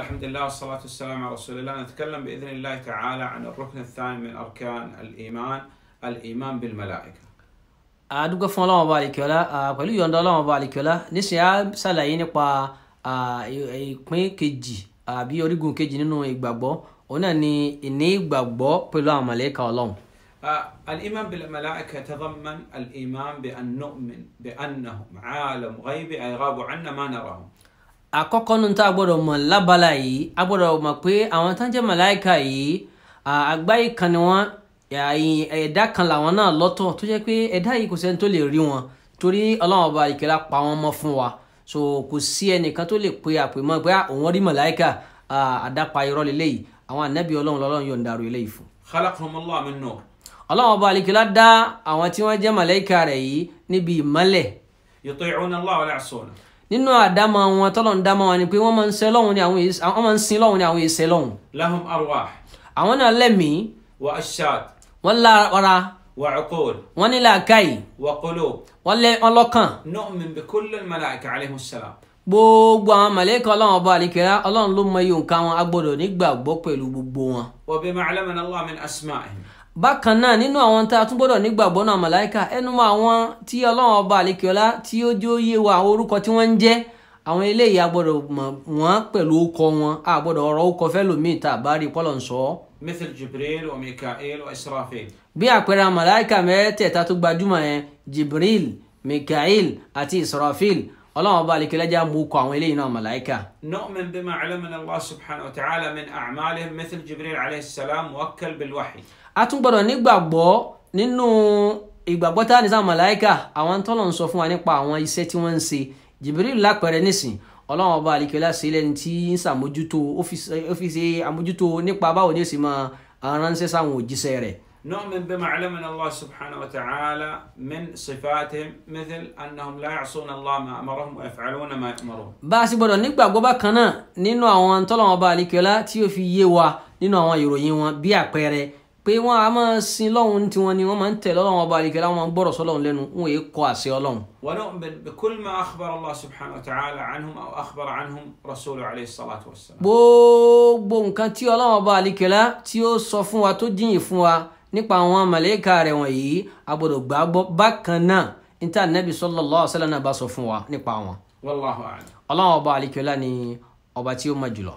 الحمد لله والصلاة والسلام على رسول الله نتكلم بإذن الله تعالى عن الركن الثاني من أركان الإيمان الإيمان بالملائكة أدوك فون الله مبارك ولا pẹ̀lú آه، يوند الله مبارك ولا نسيا سلايني ṣàlàyé nípa كجي آه، بي àbí كجي ننو إقبابو ìgbàgbọ́ òun náà ni ìní ìgbàgbọ́ pẹ̀lú الإيمان بالملائكة تضمن الإيمان بأن نؤمن بأنهم عالم غيبي أي غابوا عنا ما نراهم. àkọ́kọ́ nu tá a gbọ́dọ̀ mọ̀ lábala yìí a gbọ́dọ̀ mọ̀ pé àwọn tán jẹ́ màláìka yìí àgbáyé kan ni wọ́n ẹ̀dá kan làwọn náà lọ́tọ̀ tó jẹ́ pé ẹ̀dá yìí kò sẹ́ni tó lè rí wọn torí ọlọ́run ọba ìkẹ́lá pa wọn mọ́ fún wa so kò sí ẹnìkan tó lè pe àpè mọ́ pé òun rí màláìka àdápa irọ́ lélẹ́yìí àwọn ànábì ọlọ́run lọ́lọ́run yóò ń darú eléyìí fún. khalaqahumullahu min nur. ọlọ́run ọba àlekèlá dá àwọn tí wọ́n nínú àdámọ̀ wọn tọ́lọ̀ ń dámọ̀ wọn ni pé wọ́n máa ń sin lọ́hùn ni àwọn èsì wọ́n máa ń sin lọ́hùn ni àwọn èsì lọ́hùn. lahum arwah. àwọn náà lẹ́mìí. wa ashad. wọ́n lára. wa uqul. wọ́n ní làákàyè. wa qulub. wọ́n lẹ́ wọ́n lọ́kàn. nu'min bi kulli al-malaika alayhimu salam. gbogbo àwọn màlẹ́kà ọlọ́run ọba àlekèrè ọlọ́run ló mọ iye nǹkan agbọ́dọ̀ nígbàgbọ́ pẹ̀lú gbogbo wọn. wa bima 'allamana bákan náà nínú àwọn tá a tún gbọ́dọ̀ nígbàgbọ́ náà màláìka ẹnu mọ àwọn tí ọlọ́run ọba àlekèọ́lá tí ó jó yé wa àwọn orúkọ tí wọ́n ń jẹ́ àwọn eléyìí a gbọ́dọ̀ mọ̀ wọ́n pẹ̀lú okọ wọn a gbọ́dọ̀ ọ̀rọ̀ okọ fẹ́ lómi ìta àbárí pọ́lọ̀ ń sọ. mithil jibril wa mikael israfil. bí àpẹẹrẹ màláìka mẹ́tẹ̀ẹ̀ta tó gbajúmọ̀ yẹn jibril mikael àti israfil ọlọ́run ọba àlekèlè jẹ́ mú kọ àwọn eléyìí náà màláìka. nu'min bima allamana Allah subhanahu wa ta'ala min a'malihim mithl Jibril alayhi salam muwakkal bil wahyi. a tún gbọdọ̀ nígbàgbọ́ nínú ìgbàgbọ́ tá a ní sáà màláìka àwọn tọ́lọ̀ ń sọ fún wa nípa àwọn iṣẹ́ tí wọ́n ń ṣe Jibril lápẹẹrẹ nísìn ọlọ́run ọba àlekèlè ṣe lẹ́ni tí ń ṣàmójútó ó fi ṣe àmójútó nípa báwo ni ó نؤمن بما علمنا الله سبحانه وتعالى من صفاتهم مثل أنهم لا يعصون الله ما أمرهم ويفعلون ما يأمرون bá a sì gbọ́dọ̀ nígbàgbọ́ bákan náà nínú àwọn tọ́lọ́wọ́n bá alikiola tí ó fi yé wa nínú àwọn ìròyìn wọn bí àpẹẹrẹ pé wọn a máa sin lọ́hùn tiwọn ni wọ́n máa ń tẹ̀ lọ́wọ́n ọba alikiola wọn máa ń gbọ́dọ̀ sọ́lọ́hùn lẹ́nu wọn èé kọ́ àṣẹ ọlọ́hùn. ونؤمن بكل ما أخبر الله سبحانه وتعالى عنهم أو أخبر عنهم رسوله عليه الصلاة والسلام. gbogbo nǹkan tí ọlọ́wọ́n ọba alikiola tí ó sọ fún wa tó dín yìí fún wa nípa àwọn màlẹ́kà rẹ̀ wọ̀nyí a gbọ́dọ̀ gbàgbọ́ bákan náà níta nẹ́bí sallallahu alaihi wasallam náà bá sọ fún wa nípa wọn. wallahu a'lam. ọlọ́run ọba àlekèọ́lá ni ọba tí ó mọ̀ jùlọ.